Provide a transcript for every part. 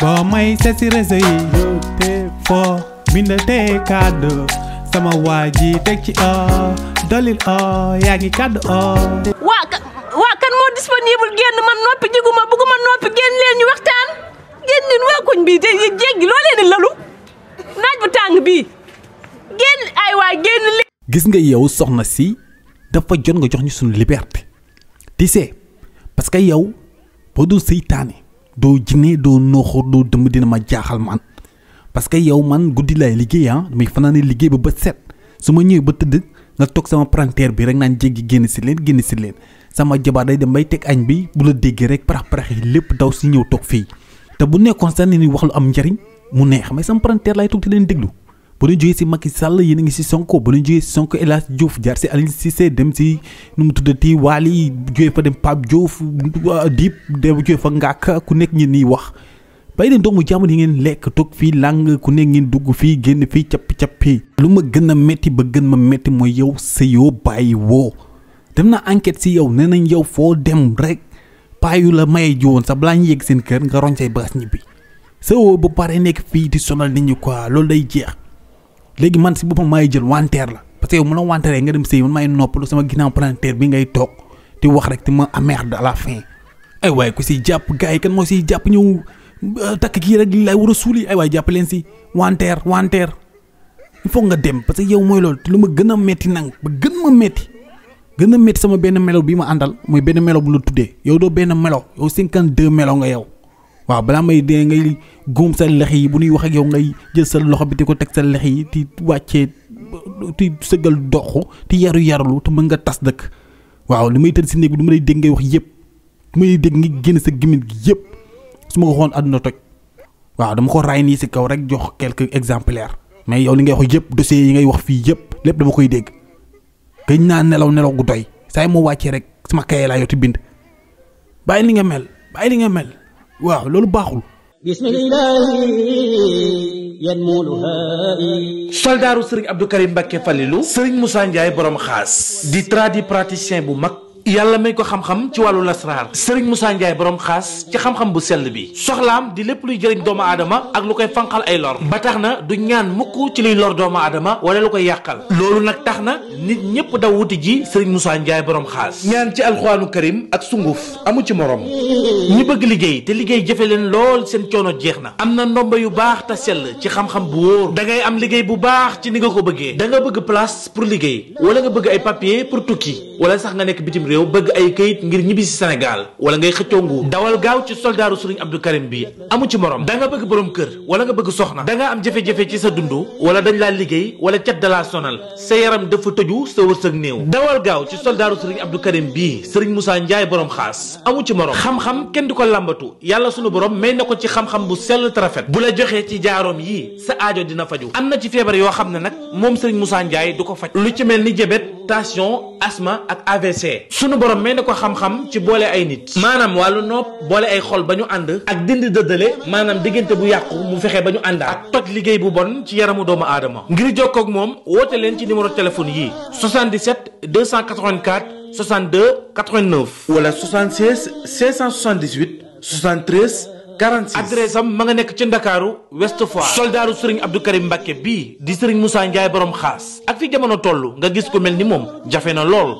boo may seet si réseau yi yow te foo bindal te kàddu sama waa ji teg ci o dolil yaa ngi kàddu waa kan moo disponible génn man noppi jiguma bugguma noppi génn leen ñu waxtaan génn leen waa koñ bii te jéggi loo leen lalu naaj bu tàng bii génn ay waa génn leen gis nga yow soxna si dafa jot nga jox ñu suñu liberté di see que yow boo dul seytaane doo jinne doo nooxoor doo dëmb dina ma jaaxal man parce que yow man guddi lay liggéey ah damay fanaane liggéey ba ba set su ma ñëwee ba tëdd nga toog sama palanteer bi rek naan jéggi génn si leen génn si leen sama jabar day dem bay teg añ bi bu la déggee rek parax parax yi lépp daw si ñëw toog fii te bu nekkoon sa ni wax lu am njariñ mu neex mais sama palanteer lay toog di leen déglu. bu ñu jógee si Macky sàll yéen a ngi si Sonko bu ñu jógee si Sonko El Hadj Diouf jaar si Aliou Cissé dem si nu mu tuddati Waly jógee fa dem Pape Diouf Dip dem jógee fa Ngaka ku nekk ngeen nii wax bàyyi leen doomu yi ngeen lekk fii làng ku nekk ngeen dugg fii génn fii cappi cappi lu ma gën a métti ba gën métti mooy yow sëyoo bàyyi woo dem na enquête si yow nee nañ yow foo dem rek paayu la maye ji woon sax balaa ñu seen kër nga roñ say bagaas ñibbi sëyoo ba pare nekk fii di sonal nit ñi quoi loolu day jeex. léegi man si boppam maay jël wanteer la parce que yow mu la wanteeree nga dem sëy man maay noppalu sama ginnaaw palanteer bi ngay toog di wax rek te ma amerde à la fin ay waaye ku siy jàpp gars yi kan moo siy jàpp ñëw euh, takk kii rek lay war a suuli ay waaye jàpp leen si wanteer wanteer il faut nga dem parce que yow mooy loolu te lu ma gën a metti nang ba gën ma metti gën a metti sama benn melo bi ma àndal mooy benn melo bu la tuddee yow doo benn melo yow cinquante deux melo nga yow waaw balaa may dee ngay góom sa lex yi bu ñuy wax ak yow ngay jël sa loxo bi di ko teg sa lex yi di wàccee ti sëggal dox ti yaru yarlu te mën nga tas dëkk waaw li may tëdd si néeg bi du ma lay dégg ngay wax yëpp du ma lay dégg sa gémmiñ gi yëpp su ma ko àdduna toj waaw dama ko raay nii si kaw rek jox quelques exemplaires mais yow li ngay wax yëpp dossiers yi ngay wax fii yëpp lépp dama koy dégg gëj naa nelaw nelaw gu doy saa yi moo wàccee rek sama kaye laa yotti bind bàyyi li nga mel bàyyi li nga mel. waaw loolu baaxul. soldaaru sëriñ Abdou Karim Mbacke Falilou. sëriñ Moussa Ndiaye borom xaas. di tradipraticien bu mag. yàlla may ko xam-xam ci wàllu lasraar Serigne Moussa Ndiaye boroom xaas ci xam-xam bu sell bi soxlaam di lépp luy jëriñ doomu aadama ak lu koy fanqal ay lor ba tax na du ñaan mukk ci luy lor doomu aadama wala lu koy yàqal loolu nag tax na nit ñëpp daw wuti ji Serigne Moussa Ndiaye boroom xaas ñaan ci alxuraanu karim ak sunguf amu ci moroom ñi bëgg liggéey te liggéey jëfe leen lool seen coono jeex na am na ndomba yu baax te sell ci xam-xam bu wóor da ngay am liggéey bu baax ci ni nga ko bëggee da nga bëgg place pour liggéey wala nga bëgg ay papier pour tukki wala sax nga nekk bitim réew bëgg ay kayit ngir ñibbisi si Sénégal wala ngay xëccoo nguur dawal gaaw ci soldaaru Serigne Abdou Karim bi amu ci morom danga bëgg borom kër wala nga bëgg soxna da am jafe-jafe ci sa dund wala dañ laa liggéey wala cet da laa sonal sa yaram dafa tëju sa wërsëg néew dawal gaaw ci soldaaru Serigne Abdou Karim bii Serigne Moussa Ndiaye borom xaas amu ci morom xam-xam kenn du ko làmbatu yàlla sunu borom may ne ko ci xam-xam bu sell te bu la joxee ci jaaroom yii sa aajo dina am na ci feebar yoo xam ne nag moom Serigne Moussa Ndiaye du ko faj lu ci mel ni jabet tension asma ak AVC sunu borom may na ko xam-xam ci boole ay nit maanaam wàllu nopp boole ay xol ba ñu ànd ak dindi dëddale maanaam diggante bu yàqu mu fexe ba ñu ànd ak toj liggéey bu bon ci yaramu doomu aadama ngir jokkook moom woote leen ci numéro téléphone yii 77 284 62 89 wala 76 578 73 46 adresse am ma nga nekk ci Ndakaaru West Foire soldaaru Serigne Abdou Karim Mbacke bii di Serigne Moussa Ndiaye borom xaas ak fi jamono toll nga gis ko mel ni moom jafe na lool.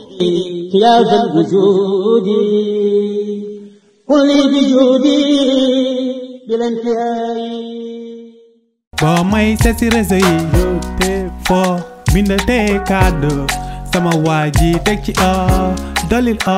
boo may seet si yi yow te foo bindal te kàddu sama waa ji teg ci a dolil a